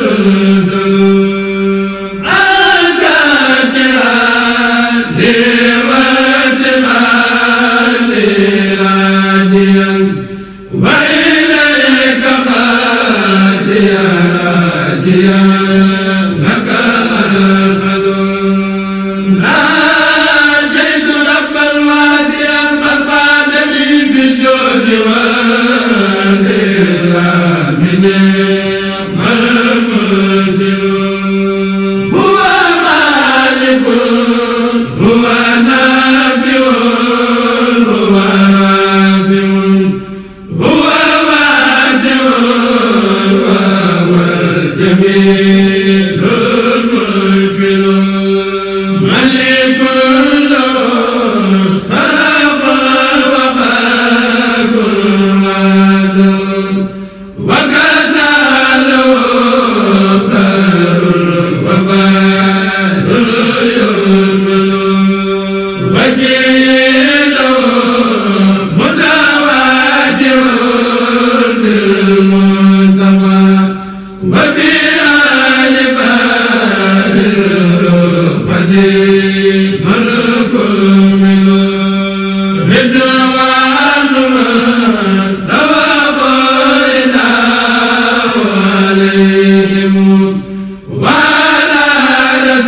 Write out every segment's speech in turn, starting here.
تنزل أنت بها ملك الملك الملك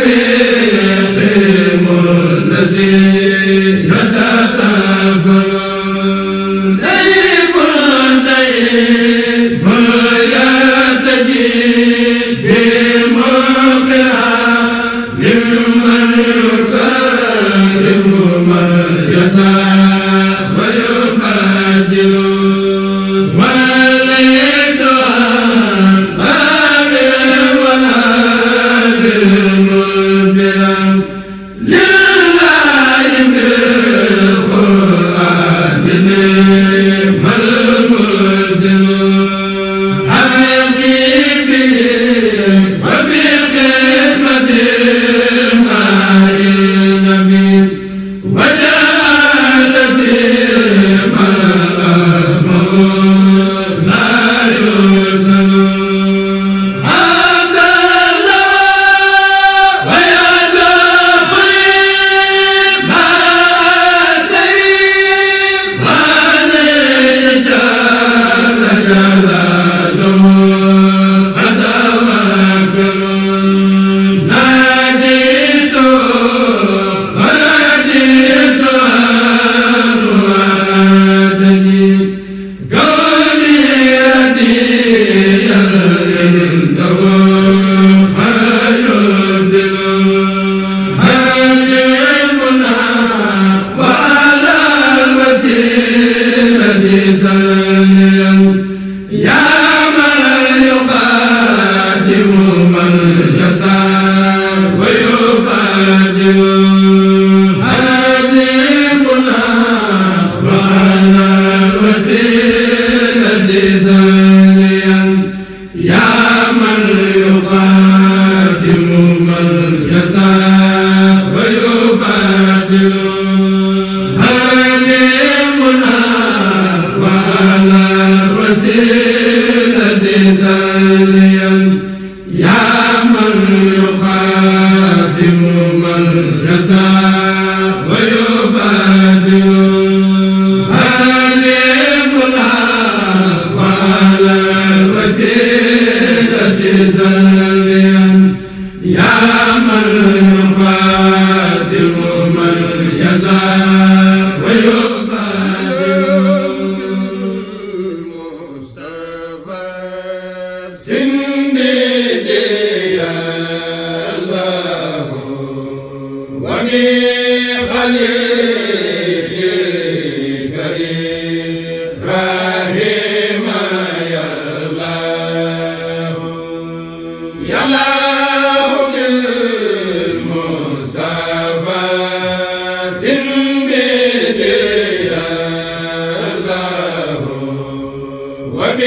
Yeah.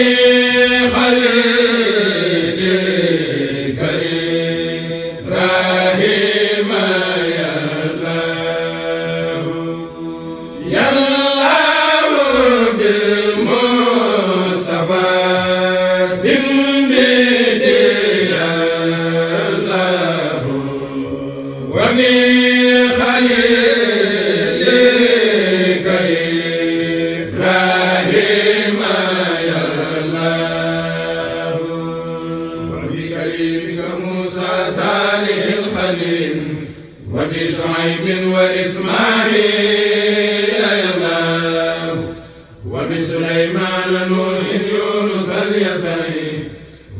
hare hare سليمان نوح يونس اليسعي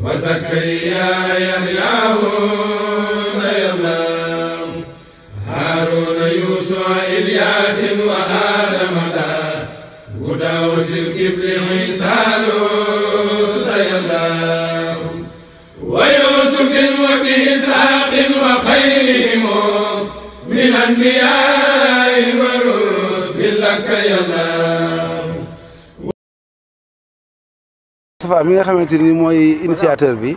وزكريا يحيى ويملام هارون يوسف إلياس وآدم دا وداوس الكفل عيسى ليملام ويوسف وبإسحاق وخيرهم من أنبياء ورسل لك يملام Moustapha mi nga xamante ni mooy initiateur bi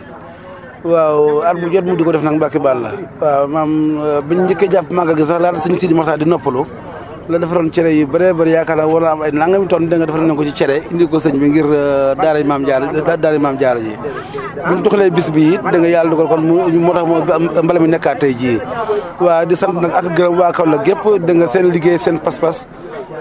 waaw at mu jot mu di ko def nag Mbacke la waaw maam euh, biñ njëkkee jàpp màggal gi sax laata sëñ Sidi Moxtaar di noppalu la defaroon cere yu bëree bëri yaakaar naa ay nangami tonn da nga defaroon nañ ko ci cere indi ko sëñ ngir euh, maam jaara daara maam jaara ji buñ toxalee bis bi it da nga yàlla dugal kon moo tax moo mbala mi nekkaat tey jii waaw di sant nag ak gërëm waa Kaolack gépp da nga seen liggéey seen pas-pas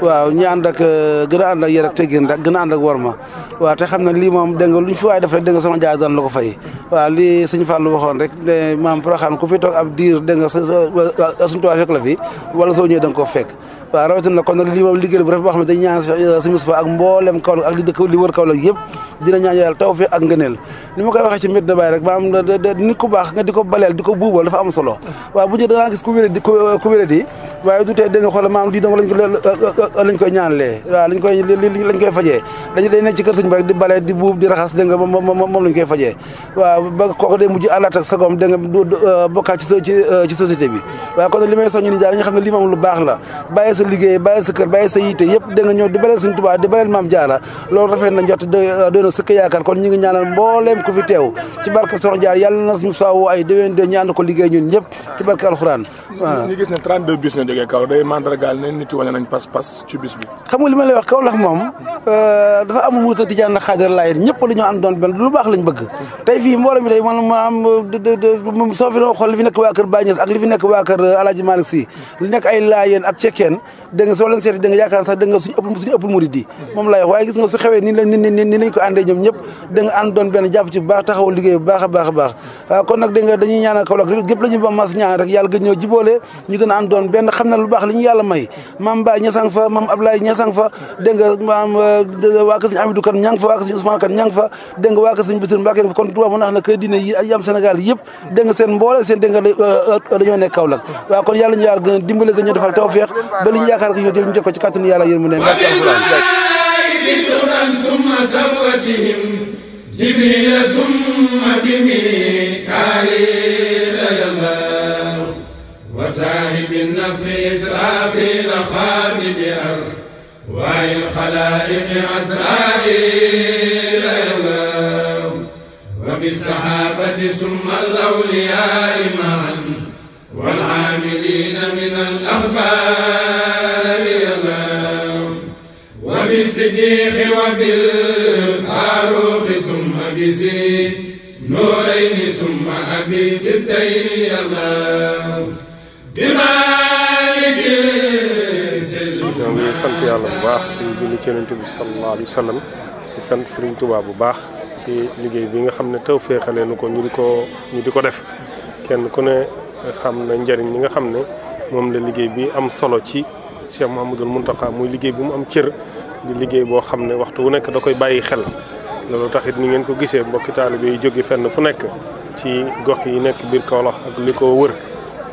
waaw ñi ànd ak euh, gën a ànd ak yar ak teggin rek gën a ànd ak war ma waaw te xam ne lii moom dégg nga luñ fi waay def rek dégg nga sama jaay daan la ko fay waaw lii sëñ waxoon rek ne maam ku fi toog ab diir dégg nga la fi wala ko waaw rawatina kon nag liggéey bu rafet boo xam ne dañ koy da nga eh, xool fajee dañ dañ nekk ci kër sëñ rek di buub di raxas da nga moom lañ koy fajee waaw kon li may ni daal nga xam ne lii lu baax la bàyyi sa liggéey baye sa kër baye sa yite yëpp da nga ñëw di balal sëñ touba di balal mam Jaara loolu rafet na jot de doona sëkk yaakar kon ñi ngi ñaanal mbooleem ku fi teew ci barka Soxna jaar yalla nas mu saw ay déwén de ñaan ko liggéey ñun ñëpp ci barka alxuraan ñi gis ne 32 bis nga jógee kaw day mandragal ne nit wala nañ pass pass ci bis bi xam nga lima lay wax kaw lax euh dafa am mu tijaan na khadir laayeen ñëpp li ñoo am doon ben lu baax lañ bëgg tay fi mboolem bi man ma am mu sofi no xol li fi nekk waa kër Baay ak li fi nek waa kër euh, Alaaji Malick Si li nek ay layen ak cekkeen da nga soo leen seeti da nga yaakaar sax da nga suñu ëpp suñu ëpp murid yi moom laay waaye gis nga su xewee ni la ni ni lañ ko àndee ñoom ñëpp da nga ànd doon benn jàpp ci bu baax taxaw liggéey bu baax a baax a baax ah, kon nag da nga dañuy ñaanal Kaolack gépp la ñu ba mas ñaan rek yàlla gën ñoo jiboolee ñu gën a ànd doon benn xam na lu baax li ñu yàlla may maam Mbaye ñasang fa maam Ablaye ñasang fa da nga maam euh, waa ka Amidou Kane ñang fa waa ka Ousmane Kane ñang fa da nga waa ka sëñ Bissir Mbacke kon Touba mu na kër diine yi ay am Sénégal yëpp da nga seen mboole seen da nga euh, euh, dañoo nekk Kaolack waaw kon yàlla ñu yàlla gën dimbale gën ñoo defal tawfeex liñ yaakaar ko yow jël ñu jëf ko ci kàttanu yàlla yéen mu ne mbàkk alquran summa zawatihim jibril summa bimikail yamar wa sahibin nafri israfil khabib ar وعي الخلائق عزرائيل يمام وبالصحابة ثم الأولياء معا والعاملين من الأخبار بالصديق وبالفاروق ثم بذي نورين ثم أبي ستين يا الله بمالك ñoom ñu sant yàlla bu baax ci julli ci yonent bi sallallahu alayhi wa sallam di sant Serigne Touba bu baax ci liggéey bi nga xam ne taw féexalee nu ko ñu di ko ñu di ko def kenn ku ne xam na njëriñ li nga xam ne moom la liggéey bi am solo ci Cheikh Mouhamadoul Mountakha muy liggéey bi mu am cër di liggéey bo xamne waxtu wu nek da koy bayyi xel lolu taxit ni ngeen ko gisse mbokk taalibe yi joggi fenn fu nek ci gox yi nek bir kawla ak liko wër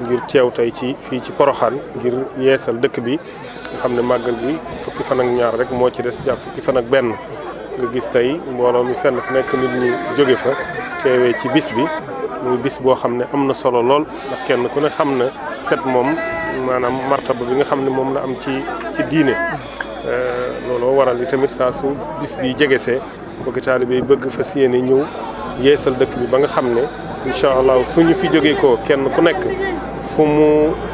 ngir ciew tay ci fi ci Poroxaan ngir yeesal dekk bi nga xam bi màggal gi fukki fan ak ñaar rek mo ci dess jàpp fukki fan ak ben nga gis tay mbolo mi fenn fu nek nit ñi joggi fa ci bis bi muy bis bo xamne amna solo lol ak kenn ku ne xamne set mom. manam martaba bi nga xamne mom la am ci ci diine Euh, looloo waral li tamit saa su bis bi jegesee mbokki taalibe yi bëgg fa yéene ñëw yeesal dëkk bi ba nga xam ne incha allah su ñu fi jógee ko kenn ku nekk fu mu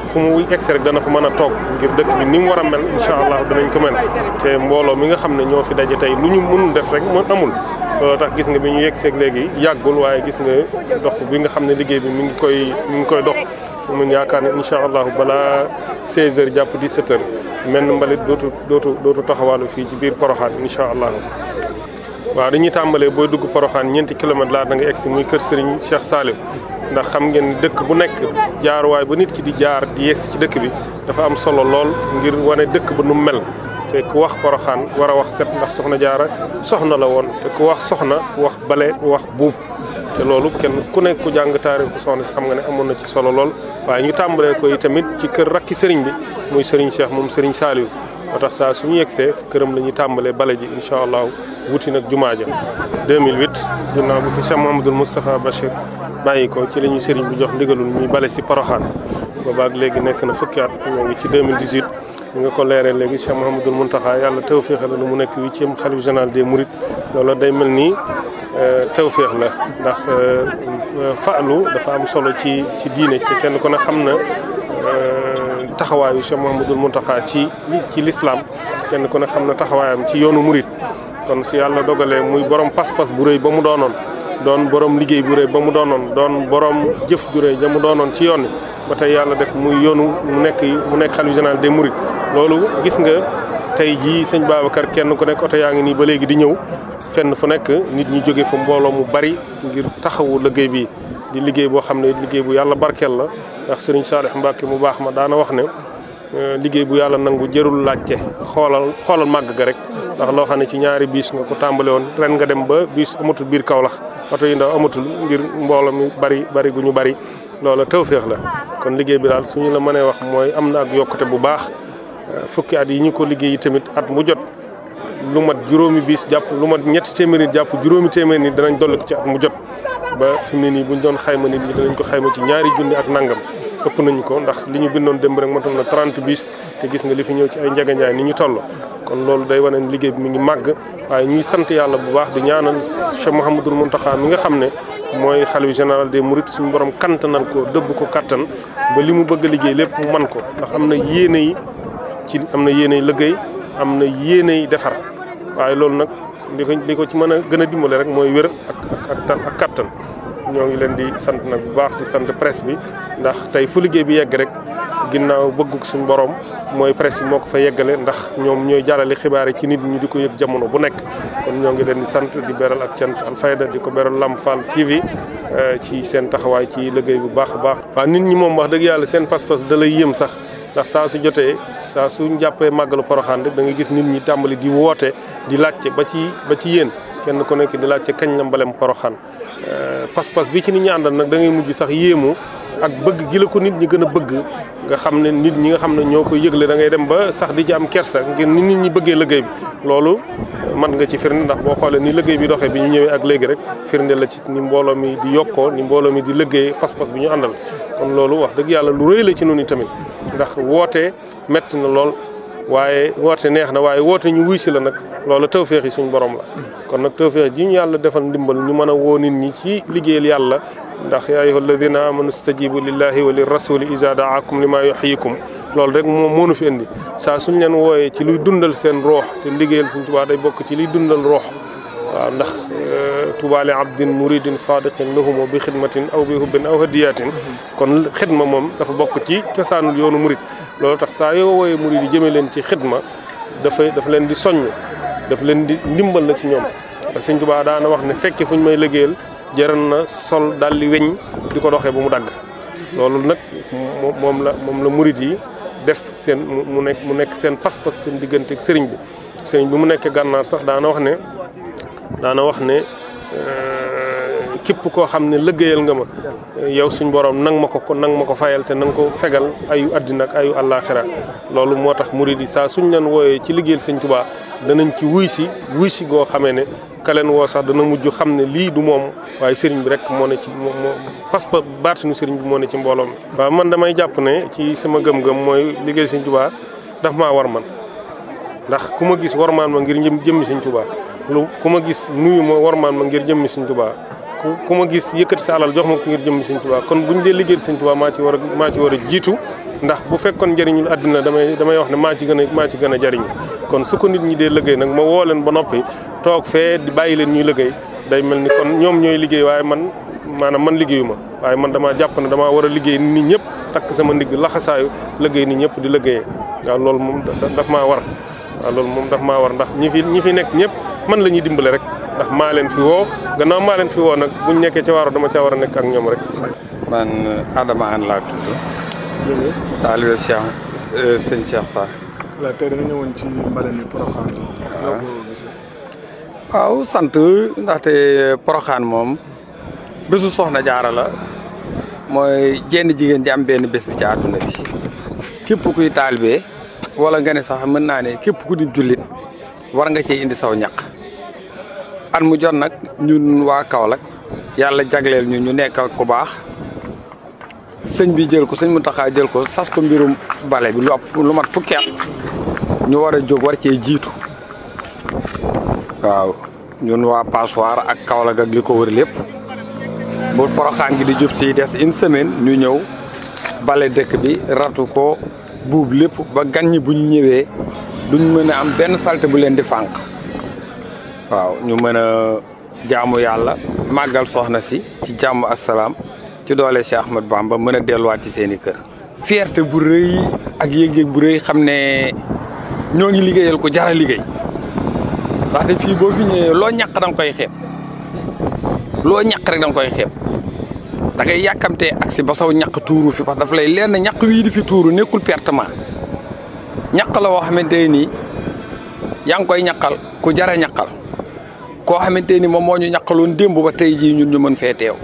fu mu egsi rek dana fa mën a toog ngir dëkk bi ni mu war a mel incha allah danañ ko mel te mbooloo mi nga xam ne ñoo fi daje tey lu ñu mënul def rek moo amul looloo tax gis nga bi ñu yegg seeg léegi yàggul waaye gis nga dox bi nga xam ne liggéey bi mu ngi koy mu ngi koy dox mun yaakaar ne incha allahu balaa 16h jàpp 17h menn mbalit dootu dootu dootu taxawaalu fii ci biir Poroxaan incha allahu. waaw dañuy tàmbalee booy dugg Poroxaan ñeenti kilomètres laa da nga si muy kër Serigne Cheikh Saliou ndax xam ngeen dëkk bu nekk jaaruwaay ba nit ki di jaar di yegsi ci dëkk bi dafa am solo lool ngir wane dëkk ba nu mel. te ku wax poroxaan war a wax set ndax soxna jaara soxna la woon te ku wax soxna wax bale wax buub te loolu kenn ku nekk ku jàng taarixu soxna si xam nga ne amoon na ci solo lool waaye ñu tàmbalee ko yi tamit ci kër rakki sëriñ bi muy sëriñ Cheikh moom sëriñ Saliou ba tax saa su ñu yegsee këram la ñuy tàmbalee bale ji incha allah wuti nag jumaa ja 2008 ginnaaw bi fi Cheikh Mouhamadoul Moustapha Bachir bàyyi ko ci la sëriñ bi jox ndigalul ñuy bale si Poroxaan boobaag léegi nekk na fukki at ñoo ci 2018 nga ko leeree léegi Cheikh Mouhamadoul Mountakha yàlla tawféex la nu mu nekk huitième xalif général des Mourides loolu day mel nii euh, tawféex la ndax euh, euh, faalu dafa am solo ci diine te kenn ku ne xam na taxawaayu Cheikh Mouhamadul Mountakha ci ci lislaam kenn ku ne xam na taxawaayam ci yoonu murit kon su yàlla dogalee muy borom pas-pas bu rëy ba mu doonoon doon borom liggéey bu rëy ba mu doonoon doon borom jëf ju rëy ja mu doonoon ci yoon ba tey yàlla def muy yoonu mu nekk mu nekk xalifa général des mourides loolu gis nga tey jii sëñ Babacar kenn ku nekk oto yaa ngi nii ba léegi di ñëw fenn fu nekk nit ñi jóge fa mbooloo mu bari ngir taxawu liggéey bi di liggéey bo xam ne liggéey bu yalla barkel la ndax serigne salih mbake mu bax ma daana wax ne euh, liggéey bu yalla nangu jërul laccé xolal xolal mag ga rek ndax lo xam ci ñaari bis nga ko tambalé won ren nga dem ba bis amatul bir kaolax auto yi ndaw amatul ngir mi bari bari guñu bari bari loola tawféex la kon liggéey bi dal suñu la mënee wax moy am ak yokkute bu baax euh, fukki at yi ñu ko liggéey tamit at mu jot lu mat juroomi bis japp lu mat ñetti témeri japp juroomi témeri dinañ dolli ci at mu jot ba fi mu ne nii buñ doon xayma nit ñi nañ ko xayma ci ñaari junni ak nangam ëpp nañu ko ndax li ñu bindoon démb rek motoon na 30 bis te gis nga li fi ñëw ci ay njagañaay ni ñu toll kon loolu day wane ne liggéey bi mu ngi màgg waaye ñuy sant yàlla bu baax di ñaanal Cheikh Mouhamadul Mountakha mi nga xam ne mooy xalifa général des mourides suñu borom kantanal ko dëbb ko kattan ba li mu bëgg a liggéey lépp man ko ndax am na yéene yi ci am na yéen yi liggéey am na yéene yi defar li ko li ko ci mën a gën a dimbale rek mooy wér ak ak ak kattan ñoo ngi leen di sant na bu baax di sant presse bi ndax tey fu liggéey bi yegg rek ginnaaw bëgguk suñu borom mooy presse bi moo ko fa yeggale ndax ñoom ñooy jàllale xibaar yi ci nit ñi di ko yëg jamono bu nekk. kon ñoo ngi leen di sant di beral ak cant Alfayda di ko beral Lamp Fall TV eh, ci seen taxawaay ci liggéey bu baax a baax. waaw nit ñi moom wax dëgg yàlla seen pas-pas da lay yëm sax. ndax saa su jotee saa suñ jàppee màggalu poroxaan rek da nga gis nit ñi tàmbali di woote di laajte ba ci ba ci yéen kenn ku nekk di laajte kañ la mbalem poroxaan euh, pas-pas bi ci nit ñi àndal nag dangay mujj sax yéemu ak bëgg gila ko nit ñi gën a bëgg nga xam ne nit ñi nga xam ne ñoo koy yëgle da ngay dem ba sax di ci am kersa ngir ni nit ñi bëggee liggéey bi loolu mën nga ci firnde ndax boo xoolee ni liggéey bi doxee bi ñu ñëwee ak léegi rek firnde la ci ni mbooloo mi di yokkoo ni mbooloo mi di liggéey pas-pas bi ñu àndal kon loolu wax dëgg yàlla lu rëy la ci noonu tamit ndax woote metti na lool waaye woote neex na waaye woote ñu wuy si la nag loolu tawféex yi suñu borom la kon nag tawféex ji yàlla defal ndimbal ñu mën a woo nit ñi ci liggéeyal yàlla ndax ya ayyuha alladina amanu istajibu lillahi wa lirrasul iza daakum lima yuhyikum lol loolu rek mo moonu fi indi sa suñ leen woyé ci luy dundal sen roh te liggéeyal suñ tuba day bok ci li dundal roh ndax tuba li abdin muridin sadiqin lahumo bi khidmatin aw bi hubbin aw hadiyatin kon khidma mom dafa bok ci ciosanu yoonu murid lol tax sa yo woyé murid yi jëme len ci xidma dafay daf len di soññ daf len di ndimbal la ci ñoom sëñ tubaa daana wax ne fekki fuñ may liggéeyal jëran na sol dalli weñ di ko doxee ba mu dagg loolu nag moom la moom la murit yi def seen mu nekk mu nekk seen pas-pas seen diggante ak sëriñ bi sëriñ bi mu nekkee gànnaar sax daana wax ne daana wax ne euh, képp koo xam ne liggéeyal nga ma yow suñ borom nang ma ko ko nang ma ko fayal te nang ko fegal ayu àddina ak ayu àllaaxira loolu moo tax murit yi saa suñ leen wooyee ci liggéeyal sëñ Tuubaa danañ ci wuy si wuy si goo xamee ne kaleen woo sax dana mujj xam ne lii du moom waaye sëriñ bi rek moo ne ci moo parce que baatinu sëriñ bi moo ne ci mbooloom mi. waaw man damay jàpp ne ci sama gëm-gëm mooy liggéey Sëriñ Tuubaa daf maa war man ndax ku ma gis warmaan ma ngir jëmmi Sëriñ Tuubaa lu ku ma gis nuyu ma warmaan ma ngir jëmm Sëriñ Tuubaa ku ku ma gis yëkkati sa alal jox ma ko ngir jëmmi Sëriñ Tuubaa kon buñ dee liggéey Sëriñ Tuubaa maa ci war a maa ci war a jiitu. ndax bu fekkoon njëriñul àddina damay damay wax ne maa ci gën a maa ci gën a jëriñu kon su ko nit ñi dee liggéey nag ma woo leen ba noppi toog fee di bàyyi leen ñuy liggéey day mel ni kon ñoom ñooy liggéey waaye man maanaam man liggéeyu ma waaye man damaa jàpp na damaa war a liggéey nit ñëpp takk sama ndigg laxasaayu liggéey nit ñëpp di liggéeyee waaw loolu moom daf maa war waaw moom daf maa war ndax ñi fi ñi fi nekk ñëpp man la ñuy dimbale rek ndax maa leen fi woo gannaaw maa leen fi woo nag buñ nekkee ca waaru dama caa war a nekk ak ñoom rek man Adama An taalibe Cheikh euh, sëñ Cheikh Sarr. waaw sant ndaxte euh, Porokhane moom bésu soxna jaara la mooy jenn jigéen ji benn bés bi ci àdduna bi képp kuy taalibe wala nga ne sax mën naa ne képp ku di jullit war nga cee indi saw ñaq at mu jot nag ñun waa Kaolack yàlla jagleel ñu ñu nekk ku baax. señ bi jël ko mu taxa jël ko sas ko mbirum bale bi lu ap lu mat fukki at ñu wara jog war ci jitu waaw ñun wa Passoir ak Kaolack ak liko wër lepp bu poroxaan gi di jup ci dess une semaine ñu ñew bale dekk bi ratu ko buub lepp ba gagne buñ ñewé duñ mëna am ben salte bu len di fank waaw ñu mëna jaamu yalla magal soxna si ci jaamu assalam ci doole Cheikh Ahmad ba mën a delluwaat ci seen i kër. fierté bu rëy ak yëg-yëg bu rëy xam ne ñoo ngi liggéeyal ko jara liggéey ndaxte fii boo fi ñëwee loo ñaq da nga koy xeeb loo ñaq rek da koy xeeb da ngay ak si ba saw ñàq tuuru fi parce que dafa lay lenn na ñàq wii di fi tuuru nekkul pertement ñàq la woo xamante nii yaa ngi koy ñaqal ku jara ñaqal koo xamante ni moom moo ñu ñàqaloon démb ba tey jii ñun ñu mën fee teew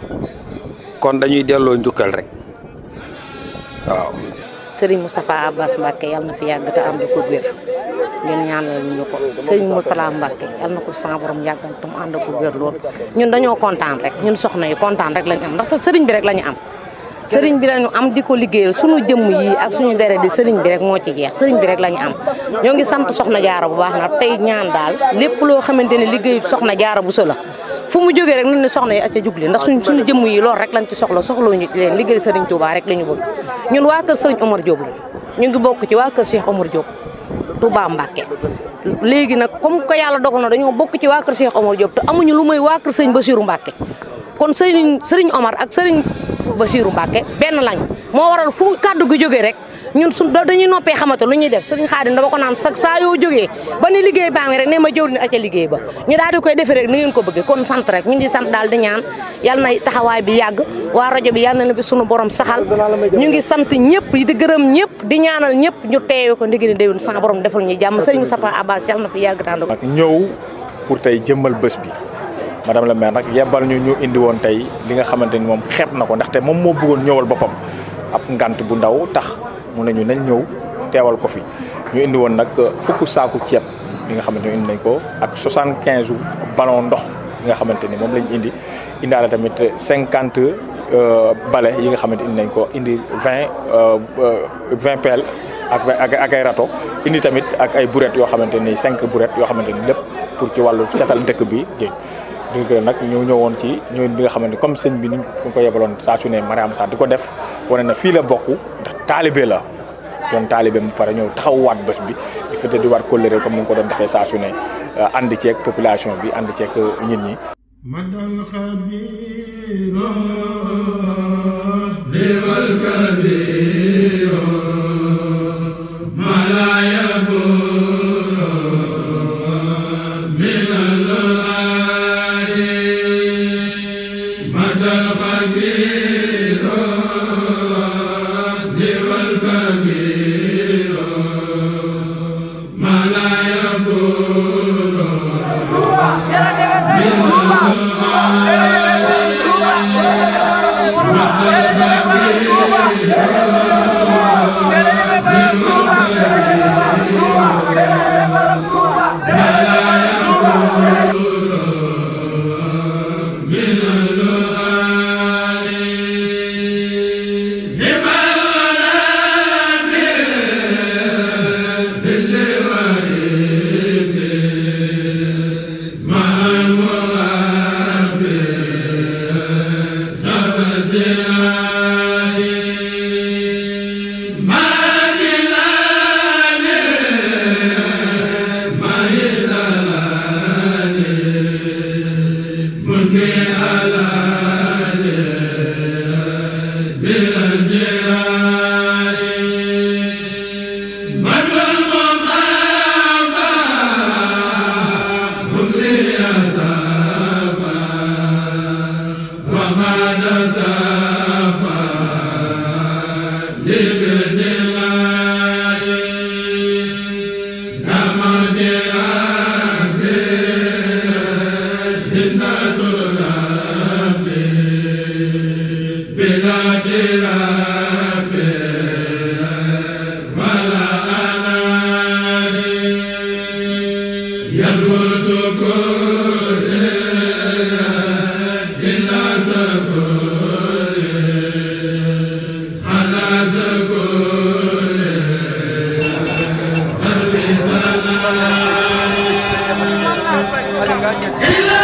kon dañuy delo ndukal rek waaw Serigne Moustapha Abbas mbake yalla na fi yag ta am ko wér ngeen ñaanal ñu ko Serigne Mourtala mbake yalla na ko sama borom yagal tum and ko wér lool ñun dañoo kontaan rek ñun soxna yi kontaan rek lañu am ndax Serigne bi rek lañu am serigne bi lañu am diko ko liggéeyal sunu jëmm yi ak suñu dérë di serigne bi rek mo ci jeex serigne bi rek lañu am ñoo ngi soxna jaara bu baax na tay ñaan dal lepp lo xamanteni ne liggéeyu soxna jaara bu so la fu mu jógee rek nañ ne soxna yi acca jugli ndax suñ suñu jëmm yi loolu rek lañ ci soxla soxlawuñu leen liggéey Serigne Touba rek la ñu bëgg ñun waa kër Serigne Omar Diop la ñu ngi bokk ci waa kër Cheikh Omar Diop Touba Mbacké léegi nag comme ko yàlla dogal na dañoo bokk ci waa kër Cheikh Omar Diop te amuñu lu may waa kër Serigne Bassirou Mbacké kon Serigne Serigne Omar ak Serigne Bassirou Mbacké benn lañ moo waral fu kàddu gi jógee rek ñun su dañuy noppé xamatu lu ñuy def sëriñ xaadim dama ko naan sa yo joggé ba ni liggéey baa ngi rek né ma jëw ni aca liggéey ba ñu daal di koy défé rek ni ngeen ko bëggee kon sant rek ñu di sant daal di ñaan yalla nay taxaway bi yagg wa radio bi yalla na bi borom saxal ñu ngi sant ñëpp di gëreem ñëpp di ñaanal ñëpp ñu teewe ko ndigini déwun sa borom defal ñi jamm sëriñ Moustapha Abbas yalla na fi yàgg tànd ko ñëw pour tay jëmmal bëss bi madame la maire nak yebal ñu ñu indi won tay li nga xamanteni mom xépp nako ndax té mom mo bëggoon ñëwal bopam ab ngant bu ndaw tax mu ne nañ ñëw teewal ko fi ñu indi woon nag euh, fukk saaku ceeb bi nga xamante ne indi nañ ko ak 75 ballon ndox yi nga xamante ni moom lañ indi indaale tamit 50 euh, bale yi nga xamante indi nañ ko indi 20 20 pelle ak ak ak ay rato indi tamit ak ay brouettes yoo xamante ni 5 brouettes yoo xamante ni lépp pour ci wàllu setal dëkk bi géej. directeur nag ñoo ñëwoon ci ñëwin bi nga xamante comme sëñ bi ni ñu ko yebaloon saa su ne Mariama Sarr di ko def wane na fii la bokk ndax taalibe la doon taalibe mu pare ñëw taxaw waat bés bi di fete di war kóllëre comme ni ko doon defee saa su ne uh, ànd ceeg population bi ànd ceeg uh, nit ñi. madal Illallah.